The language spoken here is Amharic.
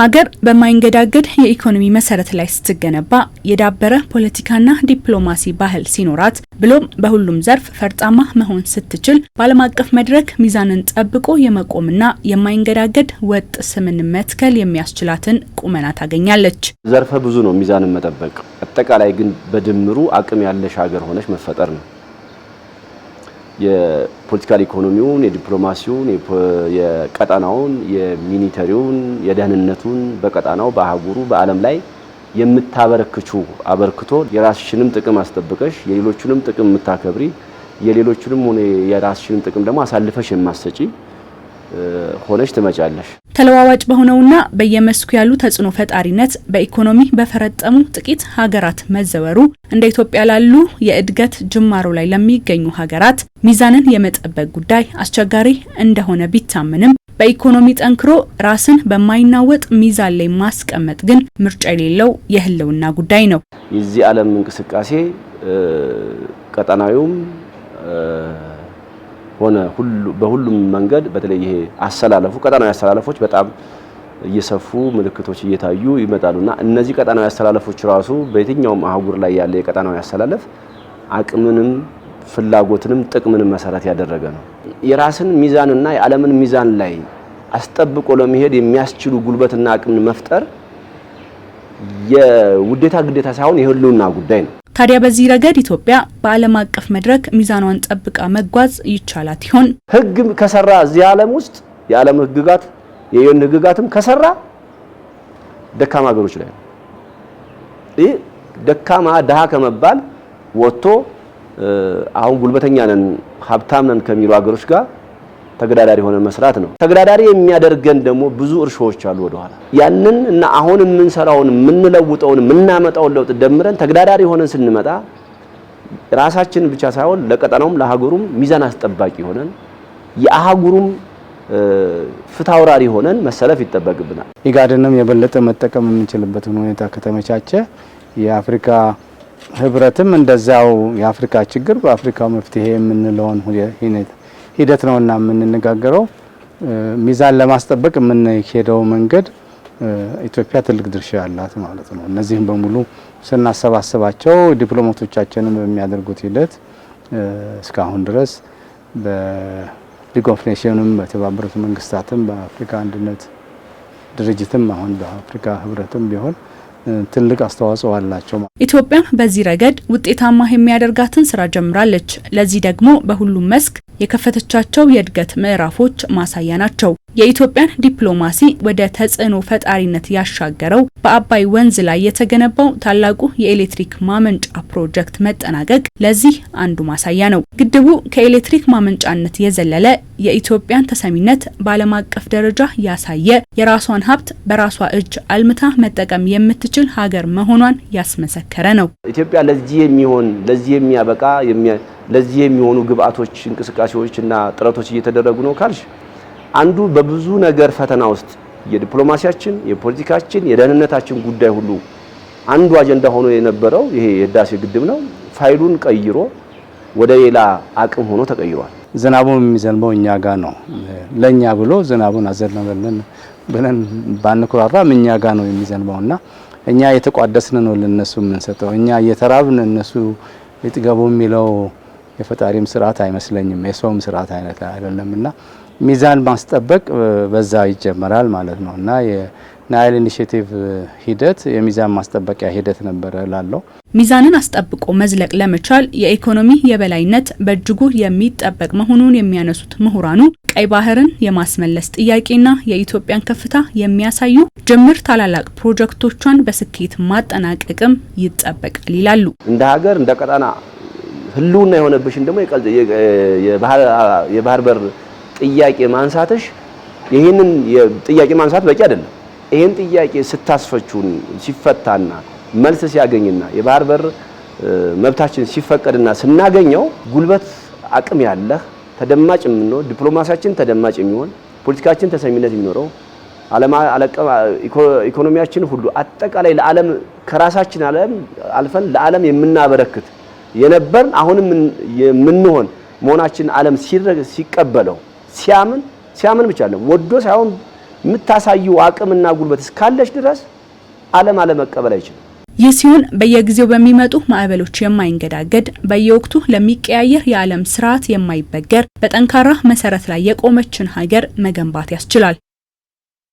ሀገር በማይንገዳገድ የኢኮኖሚ መሰረት ላይ ስትገነባ የዳበረ ፖለቲካና ዲፕሎማሲ ባህል ሲኖራት ብሎም በሁሉም ዘርፍ ፈርጣማ መሆን ስትችል በዓለም አቀፍ መድረክ ሚዛንን ጠብቆ የመቆምና የማይንገዳገድ ወጥ ስምን መትከል የሚያስችላትን ቁመና ታገኛለች። ዘርፈ ብዙ ነው ሚዛንን መጠበቅ። አጠቃላይ ግን በድምሩ አቅም ያለሽ ሀገር ሆነች መፈጠር ነው። የፖለቲካል ኢኮኖሚውን፣ የዲፕሎማሲውን፣ የቀጠናውን፣ የሚኒተሪውን፣ የደህንነቱን በቀጠናው በአህጉሩ በዓለም ላይ የምታበረክቹ አበርክቶ የራስሽንም ጥቅም አስጠብቀሽ የሌሎቹንም ጥቅም የምታከብሪ የሌሎቹንም ሆነ የራስሽንም ጥቅም ደግሞ አሳልፈሽ የማሰጪ ሆነች ትመጫለሽ። ተለዋዋጭ በሆነውና በየመስኩ ያሉ ተጽዕኖ ፈጣሪነት በኢኮኖሚ በፈረጠሙ ጥቂት ሀገራት መዘወሩ እንደ ኢትዮጵያ ላሉ የእድገት ጅማሮ ላይ ለሚገኙ ሀገራት ሚዛንን የመጠበቅ ጉዳይ አስቸጋሪ እንደሆነ ቢታመንም በኢኮኖሚ ጠንክሮ ራስን በማይናወጥ ሚዛን ላይ ማስቀመጥ ግን ምርጫ የሌለው የህልውና ጉዳይ ነው። የዚህ ዓለም እንቅስቃሴ ቀጠናዊውም ሆነ በሁሉም መንገድ በተለይ ይሄ አሰላለፉ ቀጠናዊ አሰላለፎች በጣም እየሰፉ ምልክቶች እየታዩ ይመጣሉና እነዚህ ቀጠናዊ አሰላለፎች ራሱ በየትኛውም አህጉር ላይ ያለ የቀጠናዊ አሰላለፍ አቅምንም ፍላጎትንም ጥቅምንም መሰረት ያደረገ ነው። የራስን ሚዛንና የዓለምን ሚዛን ላይ አስጠብቆ ለመሄድ የሚያስችሉ ጉልበትና አቅምን መፍጠር የውዴታ ግዴታ ሳይሆን የህልውና ጉዳይ ነው። ታዲያ በዚህ ረገድ ኢትዮጵያ በዓለም አቀፍ መድረክ ሚዛኗን ጠብቃ መጓዝ ይቻላት ይሆን? ህግ ከሰራ እዚህ ዓለም ውስጥ የዓለም ህግጋት የዩን ህግጋትም ከሰራ ደካማ ሀገሮች ላይ ነው። ይህ ደካማ ድሃ ከመባል ወጥቶ አሁን ጉልበተኛ ነን ሀብታም ነን ከሚሉ ሀገሮች ጋር ተገዳዳሪ ሆነን መስራት ነው። ተገዳዳሪ የሚያደርገን ደግሞ ብዙ እርሾዎች አሉ ወደኋላ። ያንን እና አሁን የምንሰራውን የምንለውጠውን የምናመጣውን ለውጥ ደምረን ተገዳዳሪ ሆነን ስንመጣ ራሳችን ብቻ ሳይሆን ለቀጠናውም ለሀገሩም ሚዛን አስጠባቂ ሆነን የአህጉሩም ፍታውራሪ ሆነን መሰለፍ ይጠበቅብናል። ኢጋድንም የበለጠ መጠቀም የምንችልበትን ሁኔታ ከተመቻቸ የአፍሪካ ህብረትም እንደዛው የአፍሪካ ችግር በአፍሪካው መፍትሄ የምንለውን ሁኔታ ሂደት ነውና የምንነጋገረው ሚዛን ለማስጠበቅ የምንሄደው መንገድ ኢትዮጵያ ትልቅ ድርሻ ያላት ማለት ነው። እነዚህም በሙሉ ስናሰባስባቸው ዲፕሎማቶቻችንን በሚያደርጉት ሂደት እስካሁን ድረስ በሊግ ኦፍ ኔሽንም በተባበሩት መንግስታትም በአፍሪካ አንድነት ድርጅትም አሁን በአፍሪካ ህብረትም ቢሆን ትልቅ አስተዋጽኦ አላቸው። ኢትዮጵያ በዚህ ረገድ ውጤታማ የሚያደርጋትን ስራ ጀምራለች። ለዚህ ደግሞ በሁሉም መስክ የከፈተቻቸው የእድገት ምዕራፎች ማሳያ ናቸው። የኢትዮጵያን ዲፕሎማሲ ወደ ተጽዕኖ ፈጣሪነት ያሻገረው በአባይ ወንዝ ላይ የተገነባው ታላቁ የኤሌክትሪክ ማመንጫ ፕሮጀክት መጠናቀቅ ለዚህ አንዱ ማሳያ ነው። ግድቡ ከኤሌክትሪክ ማመንጫነት የዘለለ የኢትዮጵያን ተሰሚነት በዓለም አቀፍ ደረጃ ያሳየ፣ የራሷን ሀብት በራሷ እጅ አልምታ መጠቀም የምትችል ሀገር መሆኗን ያስመሰከረ ነው። ኢትዮጵያ ለዚህ የሚሆን ለዚህ የሚያበቃ ለዚህ የሚሆኑ ግብአቶች፣ እንቅስቃሴዎች እና ጥረቶች እየተደረጉ ነው ካልሽ አንዱ በብዙ ነገር ፈተና ውስጥ የዲፕሎማሲያችን፣ የፖለቲካችን፣ የደህንነታችን ጉዳይ ሁሉ አንዱ አጀንዳ ሆኖ የነበረው ይሄ የህዳሴ ግድብ ነው። ፋይሉን ቀይሮ ወደ ሌላ አቅም ሆኖ ተቀይሯል። ዝናቡን የሚዘንበው እኛ ጋ ነው። ለእኛ ብሎ ዝናቡን አዘነበልን ብለን ባንኩራራም እኛ ጋ ነው እና እኛ የተቋደስን ነው ለነሱ የምንሰጠው። እኛ እየተራብን እነሱ ይጥገቡ የሚለው የፈጣሪም ስርዓት አይመስለኝም የሰውም ስርዓት አይነት አይደለም እና ሚዛን ማስጠበቅ በዛ ይጀመራል ማለት ነው እና ናይል ኢኒሽቲቭ ሂደት የሚዛን ማስጠበቂያ ሂደት ነበረ ላለው ሚዛንን አስጠብቆ መዝለቅ ለመቻል የኢኮኖሚ የበላይነት በእጅጉ የሚጠበቅ መሆኑን የሚያነሱት ምሁራኑ ቀይ ባህርን የማስመለስ ጥያቄና የኢትዮጵያን ከፍታ የሚያሳዩ ጅምር ታላላቅ ፕሮጀክቶቿን በስኬት ማጠናቀቅም ይጠበቃል ይላሉ። እንደ ሀገር እንደ ቀጠና ህልውና የሆነብሽን ደግሞ የባህር በር ጥያቄ ማንሳትሽ ይህንን ጥያቄ ማንሳት በቂ አይደለም። ይህን ጥያቄ ስታስፈቹን ሲፈታና መልስ ሲያገኝና የባህር በር መብታችን ሲፈቀድና ስናገኘው ጉልበት አቅም ያለህ ተደማጭ የምንሆን ዲፕሎማሲያችን ተደማጭ የሚሆን ፖለቲካችን ተሰሚነት የሚኖረው ኢኮኖሚያችን ሁሉ አጠቃላይ ለዓለም ከራሳችን ዓለም አልፈን ለዓለም የምናበረክት የነበርን አሁንም የምንሆን መሆናችን ዓለም ሲቀበለው ሲያምን ሲያምን ብቻ ነው ወዶ ሳይሆን የምታሳየው አቅምና ጉልበት እስካለች ድረስ ዓለም አለመቀበል አይችልም። ይህ ሲሆን በየጊዜው በሚመጡ ማዕበሎች የማይንገዳገድ በየወቅቱ ለሚቀያየር የዓለም ስርዓት የማይበገር በጠንካራ መሰረት ላይ የቆመችን ሀገር መገንባት ያስችላል።